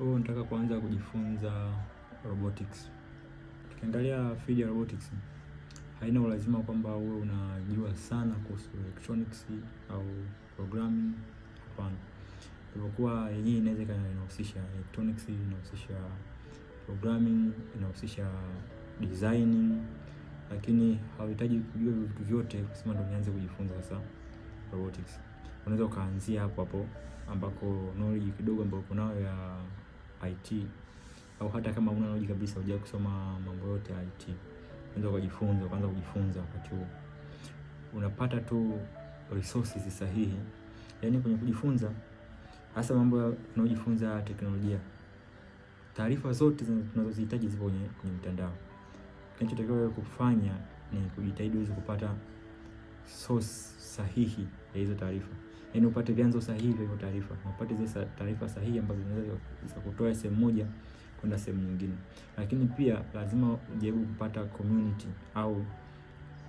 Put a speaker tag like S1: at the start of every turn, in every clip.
S1: Kwa nataka kuanza kujifunza robotics. Tukiangalia field ya robotics, haina ulazima kwamba uwe unajua sana kuhusu electronics au programming. Hapana, ipokuwa yenyewe inaweza ikawa inahusisha electronics, inahusisha programming, inahusisha designing, lakini hauhitaji kujua vitu vyote kusema ndio nianze kujifunza sasa robotics. Unaweza ukaanzia hapo hapo ambako knowledge kidogo ambayo uko nayo ya IT au hata kama una knowledge kabisa uja kusoma mambo yote ya IT, unaweza kujifunza, kwanza kujifunza wakati huo unapata tu resources sahihi, Yani kwenye kujifunza, hasa mambo unaojifunza teknolojia, taarifa zote tunazozihitaji zipo kwenye kwenye mtandao. Kinachotakiwa wewe kufanya ni kujitahidi uweze kupata source sahihi ya hizo taarifa yani upate vyanzo sahihi vya taarifa, upate zile taarifa sahihi ambazo zinaweza kutoa sehemu moja kwenda sehemu nyingine. Lakini pia lazima ujaribu kupata community au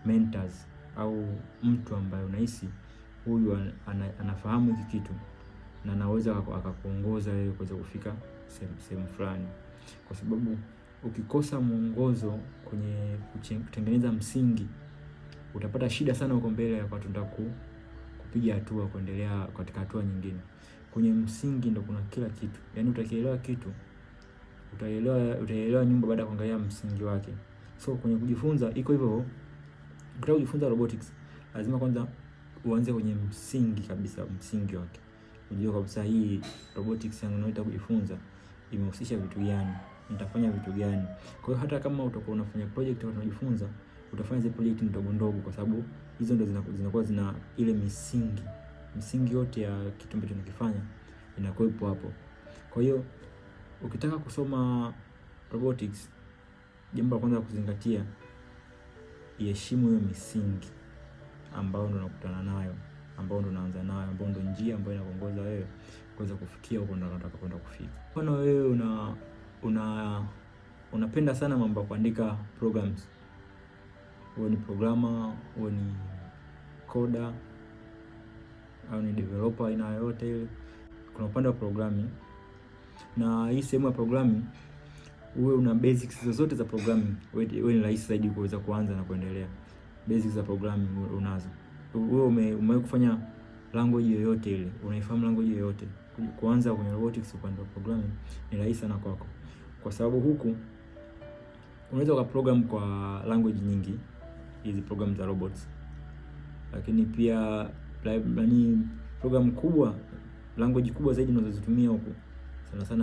S1: mentors au mtu ambaye unahisi huyu anafahamu hiki kitu na anaweza akakuongoza wewe kuweza kufika sehemu fulani, kwa sababu ukikosa mwongozo kwenye kutengeneza msingi utapata shida sana huko mbele ya watu ndaku kupiga hatua, kuendelea katika hatua nyingine. Kwenye msingi ndo kuna kila kitu, yaani utakielewa kitu utaelewa utaelewa nyumba baada ya kuangalia msingi wake. So kwenye kujifunza iko hivyo. Ukitaka kujifunza robotics, lazima kwanza uanze kwenye msingi kabisa, msingi wake, ujue kabisa hii robotics yangu naita kujifunza imehusisha vitu gani, nitafanya vitu gani. Kwa hiyo hata kama utakuwa unafanya project au unajifunza utafanya zile project ndogo ndogo, kwa sababu hizo ndo zinakuwa zina ile misingi misingi yote ya kitu ambacho unakifanya inakuwepo hapo. Kwa hiyo ukitaka kusoma robotics, jambo la kwanza la kuzingatia, iheshimu hiyo misingi ambayo ndo unakutana nayo, ambayo ndo unaanza nayo, ambayo ndo njia ambayo inakuongoza wewe kuweza kufikia huko unataka kwenda kufika. Mfano wewe una una unapenda sana mambo ya kuandika programs uwe ni programmer, uwe ni coder au ni developer aina yoyote ile, kuna upande wa programming. Na hii sehemu ya programming, uwe una basics zozote za programming, uwe ni rahisi zaidi kuweza kuanza na kuendelea. Basics za programming unazo, wewe ume, ume kufanya language yoyote ile, unaifahamu language yoyote, kuanza kwenye robotics, upande wa programming ni rahisi sana kwako, kwa sababu huku unaweza ukaprogram kwa language nyingi hizi programu za robots, lakini pia yani, programu kubwa language kubwa zaidi unazozitumia huku sana sana